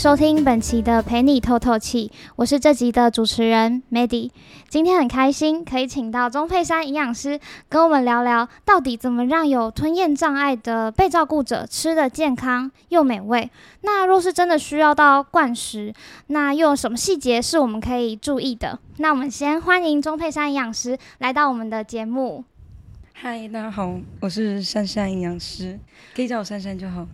收聽本期的《陪你透透氣》，我是這集的主持人 Maddy。今天很開心可以請到鍾佩珊營養師跟我們聊聊，到底怎麼讓有吞嚥障礙的被照顧者吃得健康又美味。那若是真的需要到灌食，那又有什麼細節是我們可以注意的？那我們先歡迎鍾佩珊營養師來到我們的節目。嗨，大家好，我是珊珊營養師，可以叫我珊珊就好。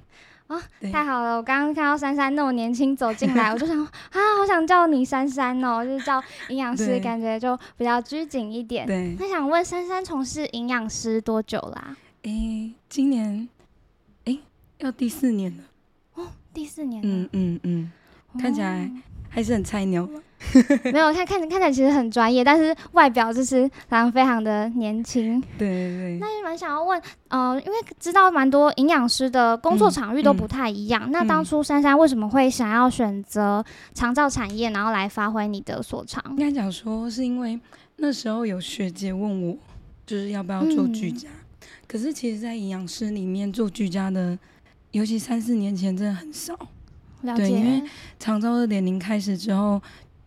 哦，對太好了！我剛剛看到珊珊那麼年輕走進來， 我就想啊，好想叫你珊珊哦，就是叫營養師，對感覺就比較拘謹一點。對，那想問珊珊從事營養師多久啦、啊？誒，今年誒要第四年了。哦，第四年嗯。嗯嗯嗯，看起來還是很菜鳥。哦 沒有，看看看起來其實很專業，但是外表就是好像非常的年輕。對對對。那就蠻想要問，呃，因為知道蠻多營養師的工作場域都不太一樣。嗯嗯、那當初珊珊為什麼會想要選擇長照產業，然後來發揮你的所長？應該講說是因為那時候有學姐問我，就是要不要做居家，嗯、可是其實在營養師裡面做居家的，尤其三四年前真的很少。了解。對，因為長照二點零開始之後。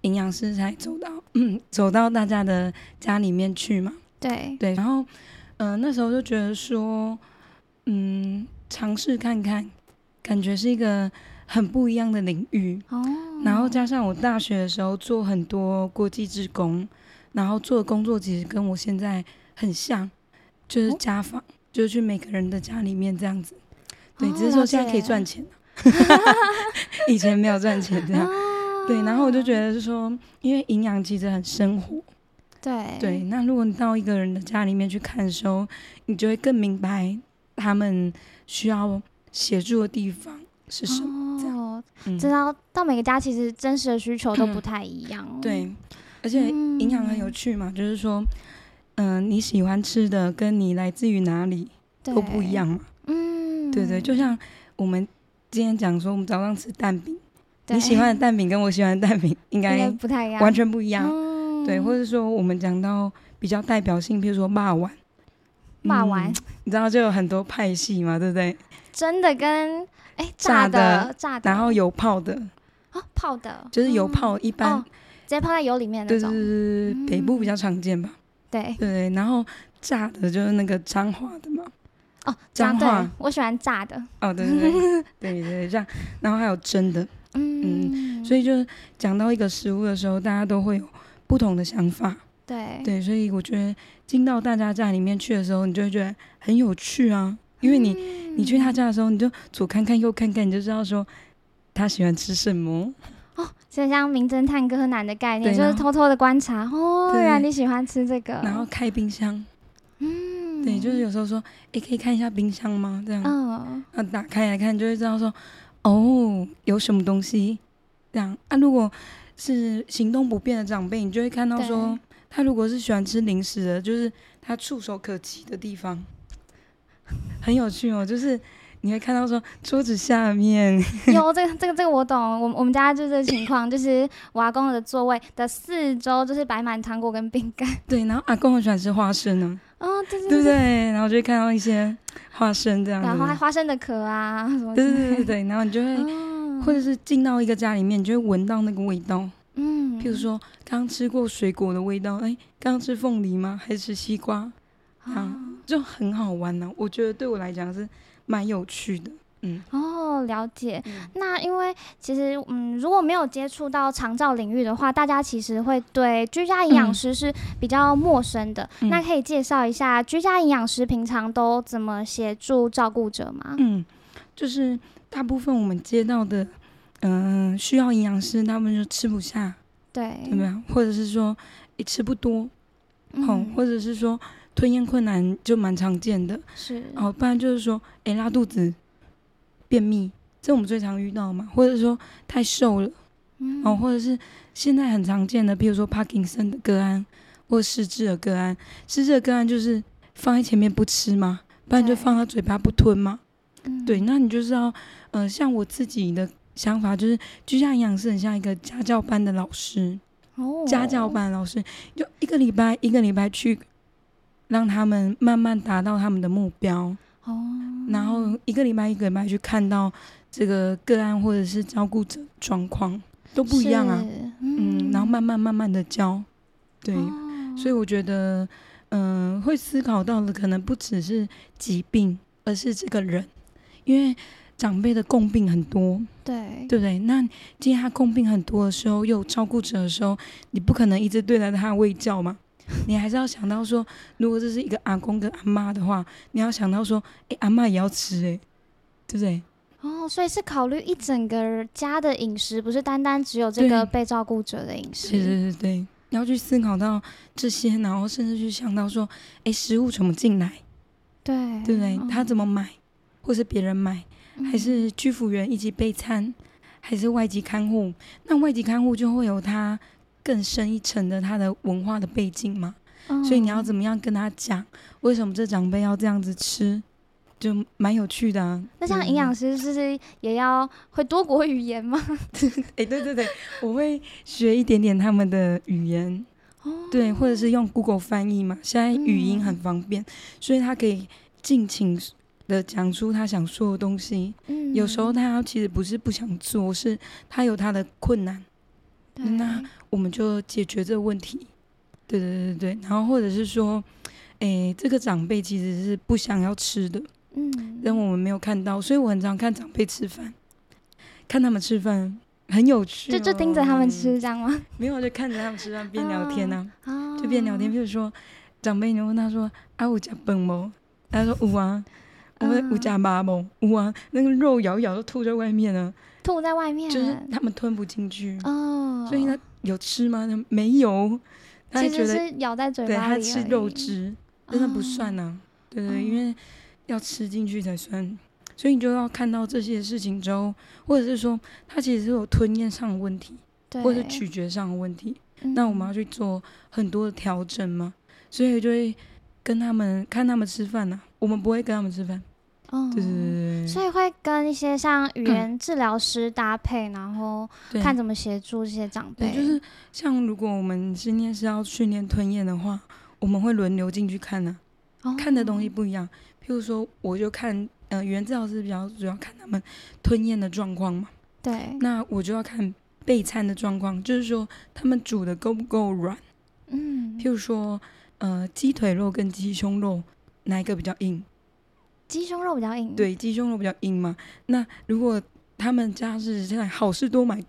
營養師才走到嗯走到大家的家裡面去嘛，對對，然後嗯、呃、那時候就覺得說嗯嘗試看看，感覺是一個很不一樣的領域哦，然後加上我大學的時候做很多國際志工，然後做的工作其實跟我現在很像，就是家訪，哦、就是去每個人的家裡面這樣子，對，只是說現在可以賺錢，哦、 以前沒有賺錢這樣。 對，然後我就覺得是說，因為營養其實很生活，嗯、對對。那如果你到一個人的家裡面去看的時候，你就會更明白他們需要協助的地方是什麼。哦，嗯、知道，到每個家其實真實的需求都不太一樣、哦嗯。對，而且營養很有趣嘛，嗯、就是說，嗯、呃，你喜歡吃的跟你來自於哪裡都不一樣嘛。嗯對，對對，就像我們今天講說，我們早上吃蛋餅。你喜歡的蛋餅跟我喜歡的蛋餅應該不太一樣，完全不一樣。對，或者說我們講到比較代表性，比如說肉圓，肉圓，你知道就有很多派系嘛，對不對？真的跟哎，炸的炸的，然後油泡的泡的，就是油泡一般直接泡在油裡面那種，就是北部比較常見吧？對對，然後炸的就是那個彰化的嘛，哦彰化，我喜歡炸的。哦對對對對，這樣，然後還有蒸的。嗯嗯，所以就是講到一個食物的時候，大家都會有不同的想法。對對，所以我覺得進到大家家裡面去的時候，你就會覺得很有趣啊，因為你、嗯、你去他家的時候，你就左看看右看看，你就知道說他喜歡吃什麼。哦，像像名偵探柯南的概念，就是偷偷的觀察哦。對啊，你喜歡吃這個，然後開冰箱。嗯，對，就是有時候說，哎、欸，可以看一下冰箱嗎？這樣，啊、嗯，打開來看，你就會知道說。哦，oh, 有什麼東西，這樣啊？如果是行動不便的長輩，你就會看到說，對他如果是喜歡吃零食的，就是他觸手可及的地方，很有趣哦。就是你會看到說，桌子下面，有這個這個這個我懂，我我們家就是這個情況， 就是我阿公的座位的四周就是擺滿糖果跟餅乾。對，然後阿公很喜歡吃花生呢、啊。啊，oh, 對對對，對，對，然後就會看到一些花生這樣子，然後還花生的殼啊什麼的，對對對對對， 然後你就會或者是進到一個家裡面，你就會聞到那個味道，嗯，譬如說剛吃過水果的味道，哎，剛剛吃鳳梨嗎？還是吃西瓜？啊，oh. 就很好玩呢、啊，我覺得對我來講是蠻有趣的。嗯哦，了解。嗯、那因為其實嗯，如果沒有接觸到長照領域的話，大家其實會對居家營養師是比較陌生的。嗯、那可以介紹一下居家營養師平常都怎麼協助照顧者嗎？嗯，就是大部分我們接到的嗯、呃，需要營養師，他們就吃不下，對，怎麼樣？或者是說，也、欸、吃不多，哦，嗯、或者是說吞嚥困難就蠻常見的，是哦，不然就是說，誒、欸，拉肚子。便秘，這我們最常遇到嘛，或者說太瘦了，嗯、哦，或者是現在很常見的，比如說帕金森的個案，或失智的個案。失智的個案就是放在前面不吃嘛，不然就放到嘴巴不吞嘛。對，對嗯、那你就是要，嗯、呃，像我自己的想法就是，居家營養師很像一個家教班的老師，哦，家教班老師就一個禮拜、嗯、一個禮拜去讓他們慢慢達到他們的目標。哦，然後一個禮拜一個禮拜去看到這個個案或者是照顧者狀況都不一樣啊，嗯、嗯，然後慢慢慢慢的教，對，哦、所以我覺得，嗯、呃，會思考到的可能不只是疾病，而是這個人，因為長輩的共病很多，對，對不對？那既然他共病很多的時候，又照顧者的時候，你不可能一直對待他的衛教嘛。 你還是要想到說，如果這是一個阿公跟阿媽的話，你要想到說，哎、欸，阿媽也要吃、欸，誒，對不對？哦，所以是考慮一整個家的飲食，不是單單只有這個被照顧者的飲食。對對對對，你要去思考到這些，然後甚至去想到說，哎、欸，食物怎麼進來？對，對不對？哦、他怎麼買，或是別人買，還是居服員一起備餐，嗯、還是外籍看護？那外籍看護就會有他。更深一層的他的文化的背景嘛，所以你要怎麼樣跟他講為什麼這長輩要這樣子吃，就蠻有趣的啊。那像營養師是不是也要會多國語言嗎？哎，對對對，對，我會學一點點他們的語言，對，或者是用 Google 翻譯嘛，現在語音很方便，所以他可以盡情的講出他想說的東西。有時候他其實不是不想做，是他有他的困難。那我們就解決這個問題，對對對對對。然後或者是說，誒，這個長輩其實是不想要吃的，嗯，但我們沒有看到，所以我很常看長輩吃飯，看他們吃飯很有趣，哦，就就盯着他們吃，這樣嗎？嗯、沒有，就看着他們吃飯邊聊天啊，就邊聊天。譬如說長輩，你問他說：“啊，我家本某。”他說：“五啊。”我我家爸爸哦，哇、啊嗯啊，那個肉咬一咬都吐在外面了、啊，吐在外面，就是他們吞不進去哦。所以呢，有吃嗎？他們沒有，他覺得咬在嘴巴裡，對他吃肉汁，真的、嗯、不算吶、啊，對對、對，嗯、因為要吃進去才算。所以你就要看到這些事情之後，或者是說他其實是有吞咽上的問題，對，或者是咀嚼上的問題，嗯、那我們要去做很多的調整嘛。所以就會跟他們看他們吃飯吶、啊，我們不會跟他們吃飯。Oh, 對對對，所以會跟一些像語言治療師搭配。嗯、然後看怎麼協助這些長輩。對，就是像如果我們今天是要訓練吞嚥的話，我們會輪流進去看的、啊，Oh. 看的東西不一樣。譬如說，我就看，呃語言治療師比較主要看他們吞嚥的狀況嘛。對，那我就要看備餐的狀況，就是說他們煮的夠不夠軟。嗯，譬如說，呃，雞腿肉跟雞胸肉哪一個比較硬？雞胸肉比較硬，對，雞胸肉比較硬嘛。那如果他們家是現在好市多買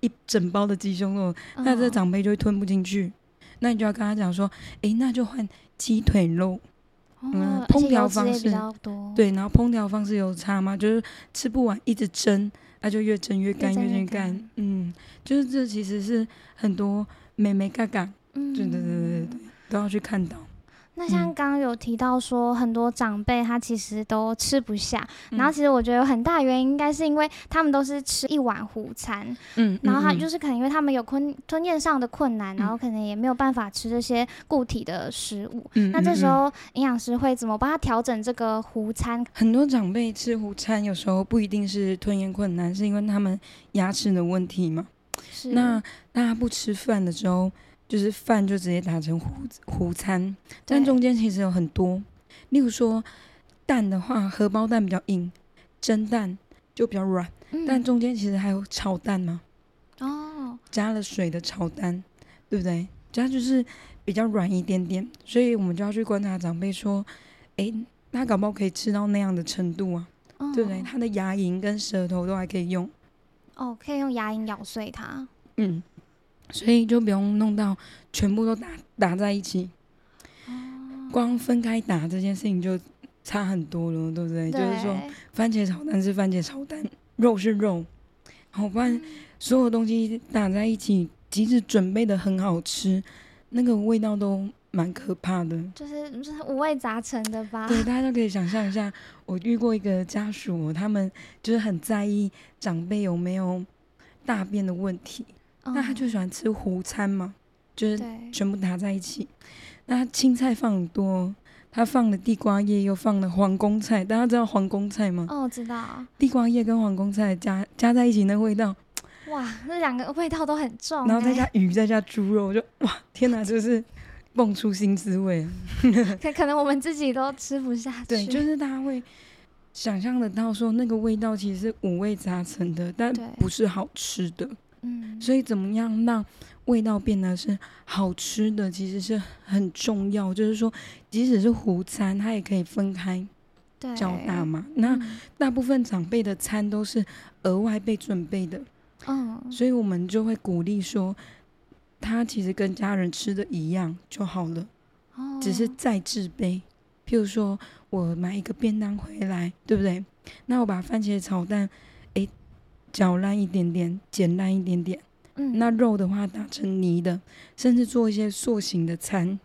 一整包的雞胸肉，哦、那這長輩就會吞不進去。那你就要跟他講說，誒、欸，那就換雞腿肉。哦、嗯，烹調方式，而且油脂類比較多。對，然後烹調方式有差嘛，就是吃不完一直蒸，那就越蒸越乾，越蒸越乾。越乾。嗯，就是這其實是很多眉眉角角，嗯，對對對對對，都要去看到。那像剛剛有提到說，嗯、很多長輩他其實都吃不下，嗯、然後其實我覺得有很大原因，應該是因為他們都是吃一碗糊餐，嗯，然後他就是可能因為他們有吞吞咽上的困難，然後可能也沒有辦法吃這些固體的食物，嗯，那這時候營養師會怎麼幫他調整這個糊餐？很多長輩吃糊餐，有時候不一定是吞咽困難，是因為他們牙齒的問題嘛。是，那那他不吃飯的時候。就是飯就直接打成糊糊餐，但中間其實有很多，對例如說蛋的話，荷包蛋比較硬，蒸蛋就比較軟，嗯、但中間其實還有炒蛋嘛，哦，加了水的炒蛋，對不對？加就是比較軟一點點，所以我們就要去觀察長輩說，誒、欸，他搞不好可以吃到那樣的程度啊，哦、對不對？他的牙齦跟舌頭都還可以用，哦，可以用牙齦咬碎它，嗯。所以就不用弄到全部都打打在一起，光分開打這件事情就差很多了，對不對？對就是說，番茄炒蛋是番茄炒蛋，肉是肉，好，不然所有東西打在一起，嗯、即使準備的很好吃，那個味道都蠻可怕的，就是、就是五味雜陳的吧？對，大家都可以想象一下，我遇過一個家屬，他們就是很在意長輩有沒有大便的問題。那他就喜歡吃糊餐嘛，就是全部打在一起。那對青菜放很多，他放了地瓜葉，又放了皇宮菜。大家知道皇宮菜嗎？哦，我知道、啊。地瓜葉跟皇宮菜加加在一起，那味道，哇，那兩個味道都很重。然後再加魚，欸、再加豬肉，就哇，天哪，就是蹦出新滋味了。 可可能我們自己都吃不下去。對，就是大家會想象得到，說那個味道其實是五味雜陳的，但不是好吃的。嗯，所以怎麼樣讓味道變得是好吃的，其實是很重要。就是說，即使是糊餐，它也可以分開較大嘛。那大部分長輩的餐都是額外被準備的，嗯，所以我們就會鼓勵說，他其實跟家人吃的一樣就好了，只是在製備。譬如說我買一個便當回來，對不對？那我把番茄炒蛋嚼爛一點點，剪爛一點點。嗯，那肉的話打成泥的，甚至做一些塑形的餐，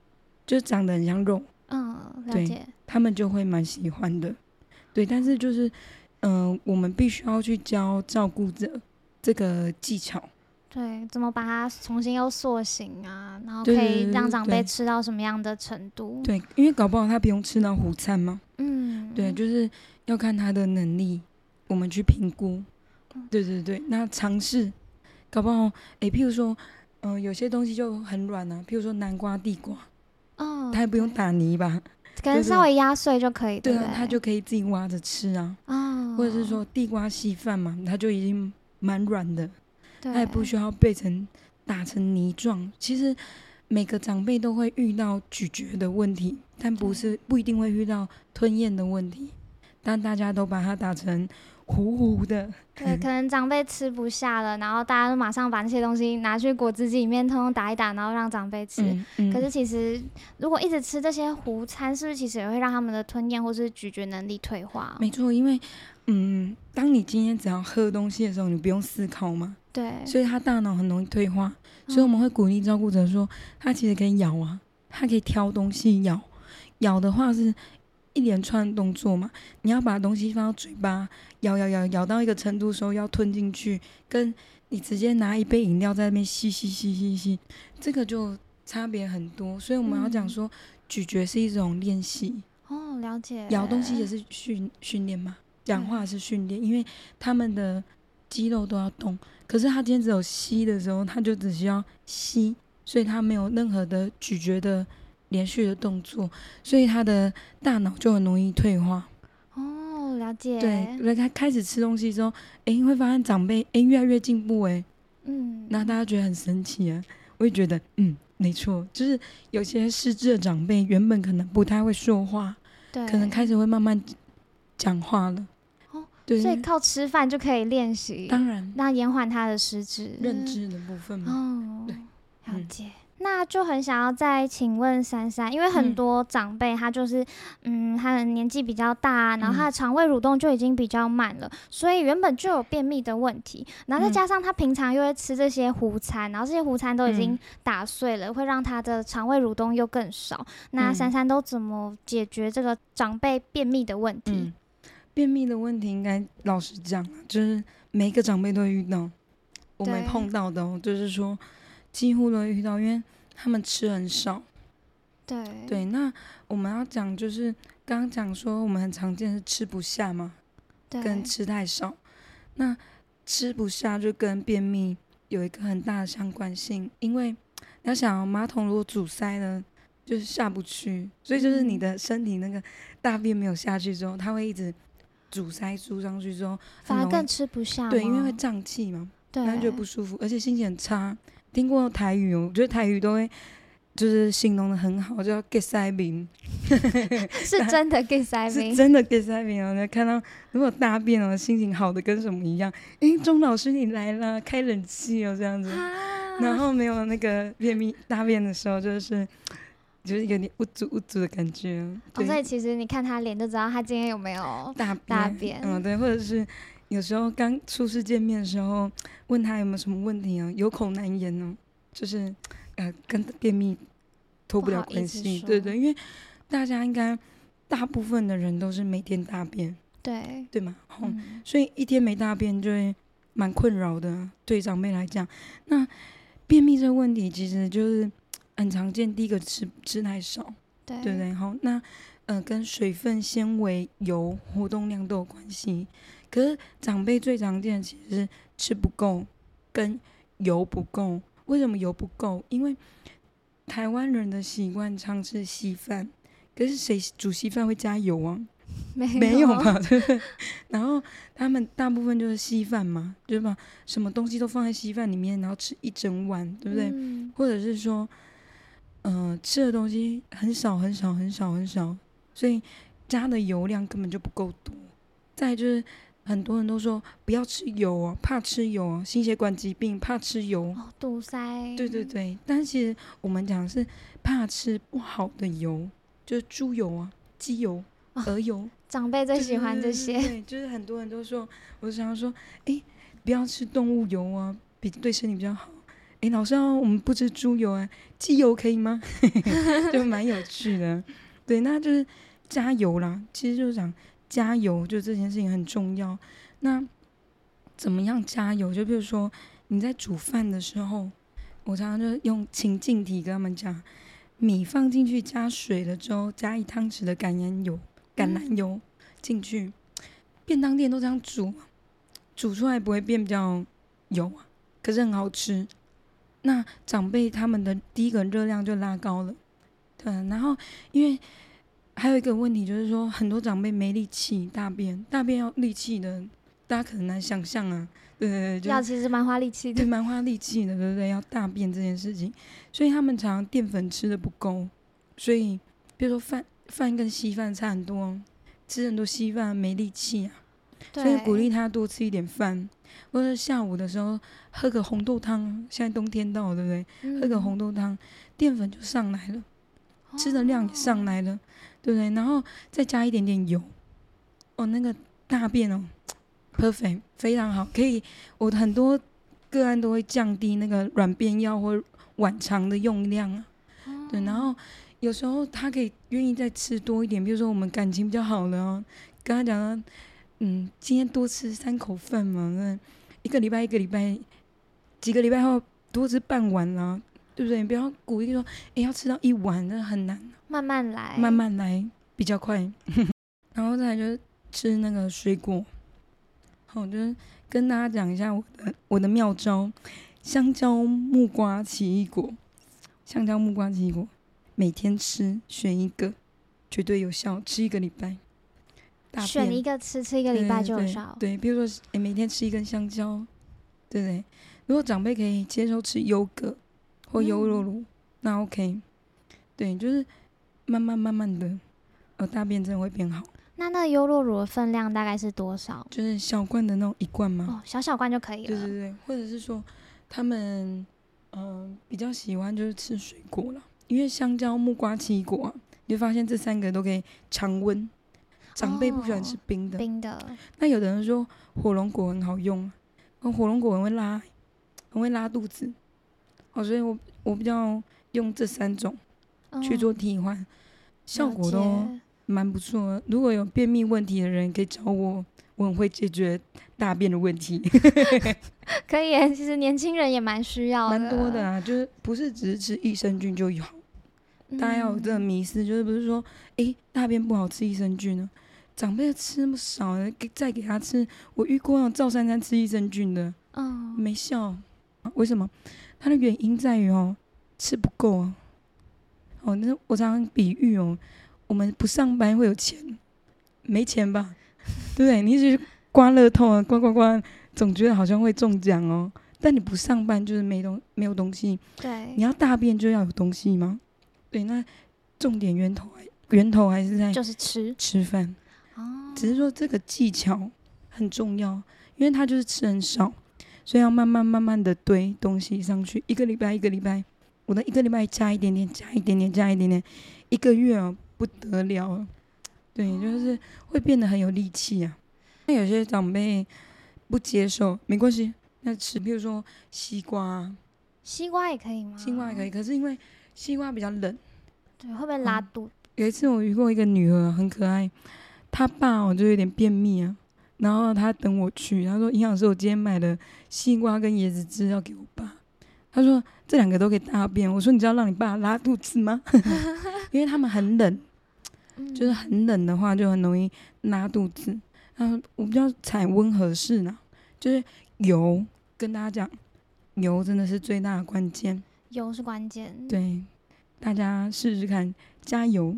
就長得很像肉。嗯，了解。對，他們就會蠻喜歡的。對，但是就是，嗯、呃，我們必須要去教照顧者這個技巧。對，怎麼把它重新又塑形啊？然後可以讓長輩吃到什麼樣的程度？對，因為搞不好他不用吃到糊餐嘛。嗯，對，就是要看他的能力，我們去評估。對對對，那嘗試，搞不好哎、欸，譬如說，嗯、呃，有些東西就很軟啊，譬如說南瓜、地瓜，哦，oh, 它也不用打泥吧，對可能稍微壓碎就可以。對啊，對對對，它就可以自己挖着吃啊。Oh. 或者是說地瓜稀飯嘛，它就已經蠻軟的，oh. 它也不需要變成打成泥狀。其實每個長輩都會遇到咀嚼的問題，但不是對不一定會遇到吞嚥的問題。但大家都把它打成糊糊的，對，可能長輩吃不下了，嗯、然後大家都馬上把那些東西拿去果汁機裡面通通打一打，然後讓長輩吃。嗯嗯、可是其實如果一直吃這些糊餐，是不是其實也會讓他們的吞嚥或是咀嚼能力退化哦？沒錯，因為嗯，當你今天只要喝東西的時候，你不用思考嘛，對，所以他大腦很容易退化。所以我們會鼓勵照顧者說，嗯、他其實可以咬啊，他可以挑東西咬，咬的話是。一連串動作嘛，你要把東西放到嘴巴咬咬咬，咬到一個程度的時候，要吞進去，跟你直接拿一杯飲料在那邊吸吸吸吸吸，這個就差別很多。所以我們要講說，嗯、咀嚼是一種練習哦，了解。咬東西也是訓訓練嘛，講話是訓練，對因為他們的肌肉都要動。可是他今天只有吸的時候，他就只需要吸，所以他沒有任何的咀嚼的。連續的動作，所以他的大腦就很容易退化。哦，了解。對，那他開始吃東西之後，哎、欸，會發現長輩哎、欸、越來越進步哎、欸。嗯，那大家覺得很神奇啊。我也覺得，嗯，沒錯，就是有些失智的長輩原本可能不太會說話，對可能開始會慢慢講話了。哦，對所以靠吃飯就可以練習，當然，那延緩他的失智、嗯、認知的部分嘛哦哦，對嗯、了解。那就很想要再請問珊珊，因為很多長輩他就是，嗯，他、嗯、的年紀比較大，啊，然後他的腸胃蠕動就已經比較慢了，嗯、所以原本就有便秘的問題，然後再加上他平常又會吃這些糊餐，嗯、然後這些糊餐都已經打碎了，嗯、會讓他的腸胃蠕動又更少。嗯、那珊珊都怎麼解決這個長輩便秘的問題？嗯、便秘的問題應該老實講，就是每個長輩都會遇到，我沒碰到的、哦，對就是說。幾乎都遇到，因為他們吃很少。對對，那我們要講就是剛剛講說，我們很常見是吃不下嘛，對跟吃太少。那吃不下就跟便秘有一個很大的相關性，因為你要想、哦，馬桶如果阻塞了，就是下不去，所以就是你的身體那個大便沒有下去之後，嗯、它會一直阻塞輸上去之後，反而更吃不下。對，因為會脹氣嘛，它就對不舒服，而且心情很差。聽過台語哦，我覺得台語都會就是形容得很好，就叫 get 洗便，鴨鴨鴨 是真的 get 洗便， 是真的 get 洗便哦。那 看到如果大便哦，心情好的跟什麼一樣？哎、欸，鍾老師你來了，開冷氣哦這樣子，啊、然後沒有那個便秘大便的時候，就是就是有點污濁污濁的感覺對、哦。所以其實你看他臉就知道他今天有沒有大便大便，嗯，嗯，對，或者是。有時候剛初次見面的時候，問他有沒有什麼問題啊？有口難言呢、啊、就是呃跟便秘脫不了關係，對對，因為大家應該大部分的人都是每天大便，對對嘛，好嗯、所以一天沒大便就蠻困擾的，對長輩來講，那便秘這個問題其實就是很常見，第一個吃吃太少，對對，不對，好那呃跟水分、纖維、油、活動量都有關係。可是長輩最常見的其實是吃不夠，跟油不夠。為什麼油不夠？因為台灣人的習慣常吃稀飯，可是誰煮稀飯會加油啊？沒有，沒有吧，對吧？然後他們大部分就是稀飯嘛，就是把什麼東西都放在稀飯裡面，然後吃一整碗，對不對？嗯、或者是說，嗯、呃，吃的東西很少，很少，很少，很少，所以加的油量根本就不夠多。再就是。很多人都說不要吃油哦、啊，怕吃油哦、啊，心血管疾病怕吃油，哦、堵塞。對對對，但是我們講是怕吃不好的油，就是豬油啊、雞油、哦、鵝油。長輩最喜歡這些。對，對，對，對，就是很多人都說，我想要說，哎，不要吃動物油啊，比對身體比較好。哎，老師、哦、我們不吃豬油啊，雞油可以嗎？ 就蠻有趣的。 對，那就是加油啦。其實就是想加油，就這件事情很重要。那怎麼樣加油？就比如說你在煮飯的時候，我常常就是用情境題跟他們講：米放進去，加水了之後，加一湯匙的橄欖油，橄欖油進去，嗯、便當店都這樣煮，煮出來不會變比較油啊，可是很好吃。那長輩他們的第一個熱量就拉高了，對。然後因為。還有一個問題就是說，很多長輩沒力氣大便，大便要力氣的，大家可能難想象啊對對對，就要其實蠻花力氣的，對，蠻花力氣的，對對對，要大便這件事情，所以他們常常澱粉吃的不夠，所以比如說飯飯跟稀飯差很多，吃很多稀飯沒力氣啊。所以鼓勵他多吃一點飯，對或者下午的時候喝個紅豆湯。現在冬天到了，對不對？嗯、喝個紅豆湯，澱粉就上來了，哦、吃的量上來了。對不對？然後再加一點點油。哦，那個大便哦 ，perfect，非常好，可以。我很多個案都會降低那個軟便藥或浣腸的用量啊。嗯、對，然後有時候他可以願意再吃多一點，比如說我們感情比較好了哦、啊，剛剛講了，嗯，今天多吃三口飯嘛，對，一個禮拜一個禮拜，幾個禮拜後多吃半碗啦。對不對？你不要鼓勵說，哎，要吃到一碗，那很難。慢慢來，慢慢來比較快。 然後再來就是吃那個水果。好，就是跟大家講一下我的我的妙招：香蕉、木瓜、奇異果。香蕉、木瓜、奇異果，每天吃選一個，絕對有效。吃一個禮拜，大選一個吃，吃一個禮拜就有效。對，對，對，對，對，比如說，哎，每天吃一根香蕉，對不對？如果長輩可以接受吃優格。或優酪乳，嗯、那 OK，對，就是慢慢慢慢的，呃，大便真的會變好。那那優酪乳的分量大概是多少？就是小罐的那種一罐嗎？哦，小小罐就可以了。對對對，或者是說他們嗯、呃、比較喜歡就是吃水果啦，因為香蕉、木瓜、奇異果、啊，你會發現這三個都可以常溫。長輩不喜歡吃冰的。哦、冰的。那有的人說火龍果很好用、啊哦，火龍果很會拉，很會拉肚子。所以我我比較用這三種去做替換，哦、效果都蠻不錯。如果有便秘問題的人，可以找我，我很會解決大便的問題。 可以耶，其實年輕人也蠻需要，蠻多的啊。就是不是只是吃益生菌就有，嗯、大家要有這個迷思，就是不是說誒、欸、大便不好吃益生菌呢？長輩要吃那麼少，再給他吃。我遇過有照三餐吃益生菌的，嗯、哦，沒效、啊，為什麼？它的原因在於哦，吃不夠哦。哦，那我常常比喻哦，我們不上班會有錢，沒錢吧？ 對，你一直刮樂透啊，刮刮刮，總覺得好像會中獎哦。但你不上班就是沒東沒有東西，對？你要大便就要有東西嗎？對，那重點源頭，源頭還是在就是吃吃飯哦。只是說這個技巧很重要，因為它就是吃很少。所以要慢慢慢慢的堆東西上去，一個禮拜一個禮拜，我的一個禮拜加一點點，加一點點，加一點點，一個月哦、喔、不得了了，對，哦、就是會變得很有力氣啊。那有些長輩不接受沒關係，那吃，比如說西瓜，西瓜也可以嗎？西瓜也可以，可是因為西瓜比較冷，對，會不會拉肚、嗯？有一次我遇過一個女兒很可愛，她爸哦、喔、就有點便秘啊。然後他等我去，他說：“營養師，我今天買的西瓜跟椰子汁要給我爸。”他說：“這兩個都可以大便。”我說：“你知道讓你爸拉肚子嗎？” 因為他們很冷，嗯、就是很冷的話就很容易拉肚子。他說：“我不知道采溫合適呢，就是油跟大家講，油真的是最大的關鍵。油是關鍵。對，大家試試看，加油，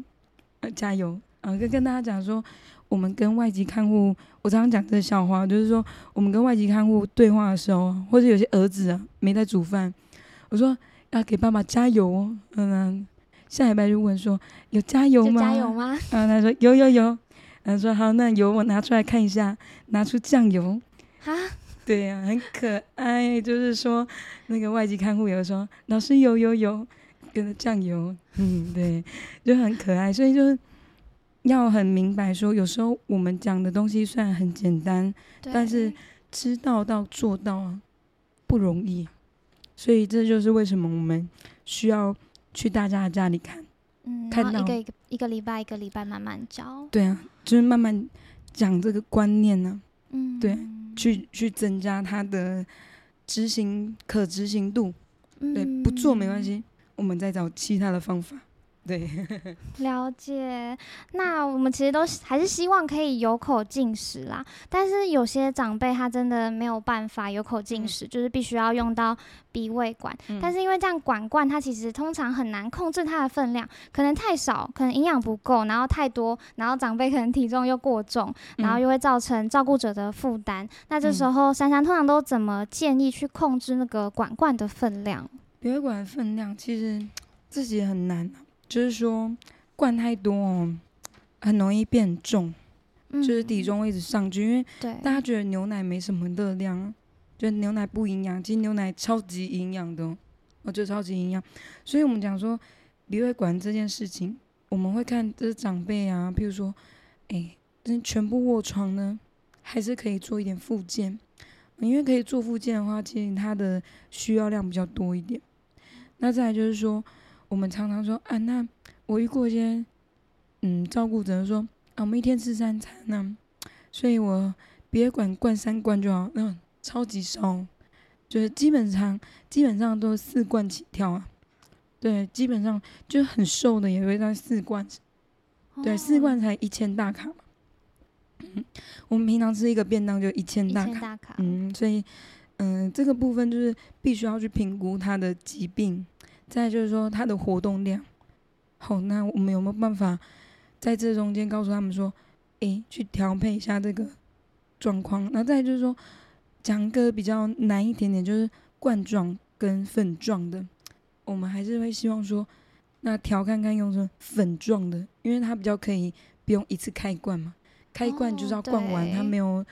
呃、加油！嗯、啊，跟跟大家講說。”我們跟外籍看護，我常常講這個笑話，就是說我們跟外籍看護對話的時候，或者有些兒子啊沒在煮飯，我說要給爸爸加油，嗯，下禮拜就問說有加油嗎？油嗎，然後他說有有有，油油油 他說好，那油我拿出來看一下，拿出醬油，哈， 對呀、啊，很可愛，就是說那個外籍看護有說老師有有有，跟着醬油，嗯，對，就很可愛，所以就。要很明白說，有時候我們講的東西雖然很簡單，對但是知道到做到不容易，所以這就是為什麼我們需要去大家的家裡看，看到、嗯，一個一個到一個禮拜一個禮拜慢慢教。對啊，就是慢慢講這個觀念呢、啊，嗯，對，去去增加他的執行可執行度，對，不做沒關係，我們再找其他的方法。對 了解。那我們其實都還是希望可以有口進食啦，但是有些長輩他真的沒有辦法有口進食，嗯、就是必須要用到鼻胃管。嗯、但是因為這樣管灌它其實通常很難控制它的分量，可能太少，可能營養不夠，然後太多，然後長輩可能體重又過重，然後又會造成照顧者的負擔。嗯、那這時候珊珊、嗯、通常都怎麼建議去控制那個管灌的分量？鼻胃管的分量其實自己很難。就是說，灌太多哦，很容易變重，嗯、就是體重會一直上去，因為大家覺得牛奶沒什麼熱量、啊，覺得對牛奶不營養，其實牛奶超級營養的、哦，我覺得超級營養，所以我們講說，你會管這件事情，我們會看這是長輩啊，譬如說，哎、欸，但全部臥床呢，還是可以做一點復健。因為可以做復健的話，其實他的需要量比較多一點，那再來就是說。我們常常說啊，那我遇過一些，嗯，照顧者說啊，我們一天吃三餐呢、啊，所以我鼻胃管灌三罐就好，那、嗯、超級瘦，就是基本上基本上都是四罐起跳啊，對，基本上就是很瘦的也會在四罐，哦、對，四罐才一千大卡嘛，嗯，我們平常吃一個便當就一千大卡，嗯，所以嗯、呃，這個部分就是必須要去評估他的疾病。再就是說，它的活動量，好，那我們有沒有辦法在這中間告訴他們說，誒、欸，去調配一下這個狀況。那再就是說，講一個比較難一點點，就是罐狀跟粉狀的，我們還是會希望說，那調看看用成粉狀的，因為它比較可以不用一次開罐嘛，開罐就是要灌完，哦、它沒有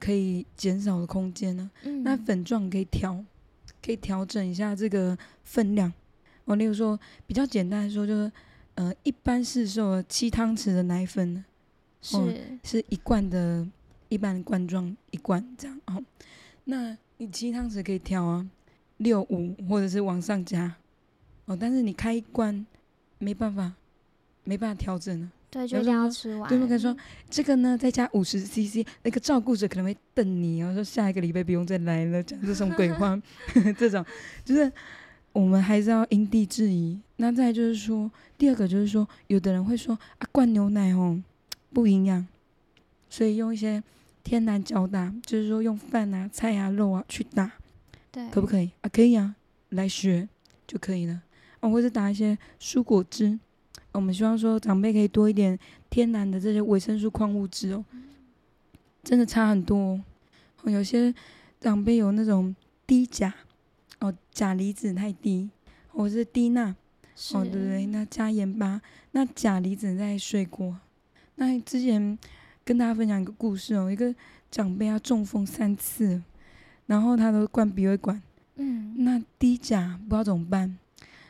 可以減少的空間呢、啊，嗯、那粉狀可以調，可以調整一下這個分量。哦，例如說，比較簡單的說，就是，呃，一般是說七湯匙的奶粉，是、哦、是一罐的，一般罐裝一罐這樣哦。那你七湯匙可以調啊，六五或者是往上加，哦，但是你開一罐沒辦，沒辦法，沒辦法調整的、啊。對，就一定要吃完。對，我可以說這個呢再加五十 CC，那個照顧者可能會瞪你，然後說下一個禮拜不用再來了，講這什麼鬼話， 這種就是。我們還是要因地制宜。那再就是說，第二個就是說，有的人會說啊，灌牛奶哦，不營養，所以用一些天然攪打，就是說用飯啊、菜啊、肉啊去打，對，可不可以啊？可以啊，來學就可以了。哦、啊，或者打一些蔬果汁，我們希望說長輩可以多一點天然的這些維生素、礦物質哦，真的差很多、哦嗯。有些長輩有那種低鉀。鉀離、哦、子太低，我是低鈉，是哦對對，那加鹽巴，那鉀離子在水果。那之前跟大家分享一個故事哦，一個長輩他中風三次，然後他都灌鼻胃管，嗯，那低鉀不知道怎麼辦，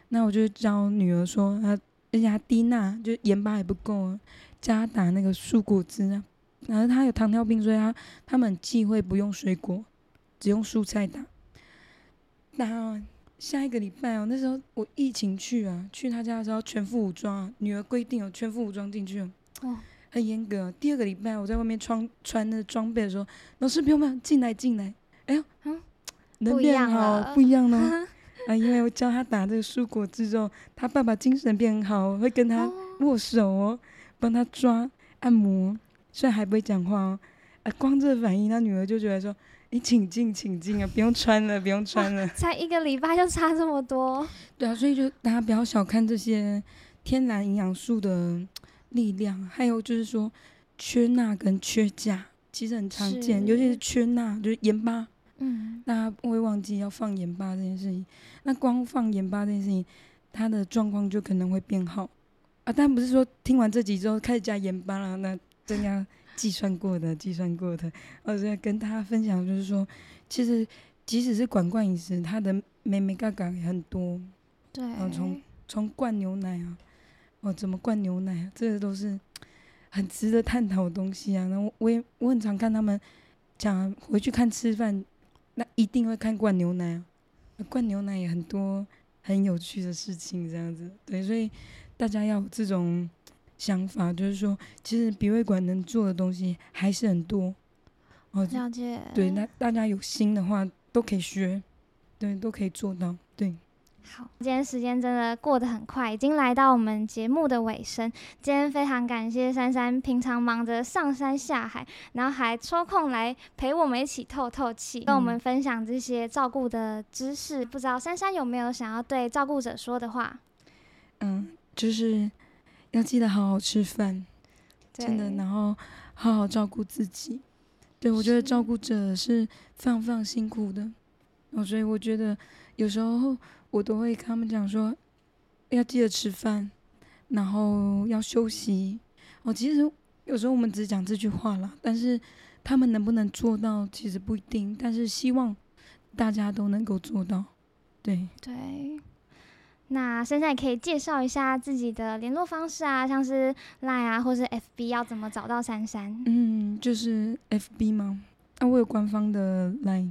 那我就教女兒說，他家低鈉，就鹽巴也不夠，加他打那個蔬果汁、啊、然後他有糖尿病，所以他他們忌諱不用水果，只用蔬菜打。後、啊哦、下一個禮拜哦，那時候我疫情去啊，去他家的時候全副武裝、啊、女兒規定哦，全副武裝進去哦，很嚴格。第二個禮拜我在外面穿穿那個裝備的時候，老師不用怕進來進來，哎呀，能、嗯、變好不一樣呢，樣 啊，因為我教他打這個蔬果汁之後，他爸爸精神變好，會跟他握手、哦，幫、哦、他抓按摩，雖然還不會講話哦，啊，光這個反應，他女兒就覺得說。你請進，請進啊！不用穿了，不用穿了。才一個禮拜就差這麼多。對啊，所以就大家不要小看這些天然營養素的力量。還有就是說，缺鈉跟缺鉀其實很常見，是尤其是缺鈉，就是鹽巴。嗯。大家不會忘記要放鹽巴這件事情。那光放鹽巴這件事情，它的狀況就可能會變好啊。但不是說聽完這集之後開始加鹽巴了，那增加。嗯計算過的，計算過的，我、哦、在跟他分享，就是說，其實即使是管灌飲食，他的眉眉角角也很多。對，然後、哦、從從灌牛奶啊，哦，怎麼灌牛奶啊，這些、個、都是很值得探討的東西啊。那我，我也我很常看他們講回去看吃飯，那一定會看灌牛奶啊，灌牛奶也很多很有趣的事情這樣子，對，所以大家要這種。想法就是說，其實鼻胃管能做的東西還是很多。我、哦、了解。對，那大家有心的話都可以學，對，都可以做到。對。好，今天時間真的過得很快，已經來到我們節目的尾聲。今天非常感謝珊珊，平常忙着上山下海，然後還抽空來陪我們一起透透氣，跟我們分享這些照顧的知識。嗯、不知道珊珊有沒有想要對照顧者說的話？嗯，就是。要記得好好吃飯，真的，然後好好照顧自己。對，我覺得照顧者是非常非常辛苦的，所以我覺得有時候我都會跟他們講說，要記得吃飯，然後要休息。哦，其實有時候我們只講這句話啦，但是他們能不能做到其實不一定，但是希望大家都能夠做到。對。對。那珊珊也可以介紹一下自己的聯絡方式啊，像是 Line 啊，或是 FB 要怎麼找到珊珊？嗯，就是 FB 嗎？啊，我有官方的 Line，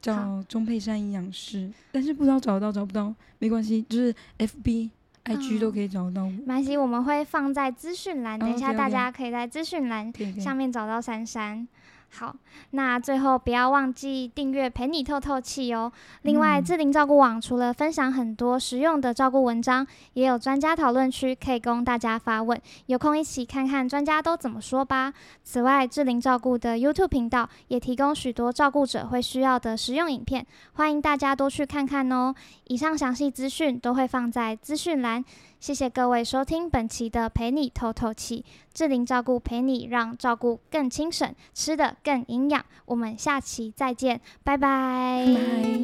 叫鍾佩珊營養師，好但是不知道找得到找不到，沒關係，就是 FB、哦、IG 都可以找得到。沒關係，我們會放在資訊欄，等一下大家可以在資訊欄上面找到珊珊。好，那最後不要忘記訂閱《陪你透透氣》哦。另外，嗯、智齡照顧網除了分享很多實用的照顧文章，也有專家討論區可以供大家發問，有空一起看看專家都怎麼說吧。此外，智齡照顧的 YouTube 頻道也提供許多照顧者會需要的實用影片，歡迎大家多去看看哦。以上詳細資訊都會放在資訊欄。謝謝各位收聽本期的《陪你透透氣》，智齡照顧陪你，讓照顧更精神，吃得更營養。我們下期再見，拜拜。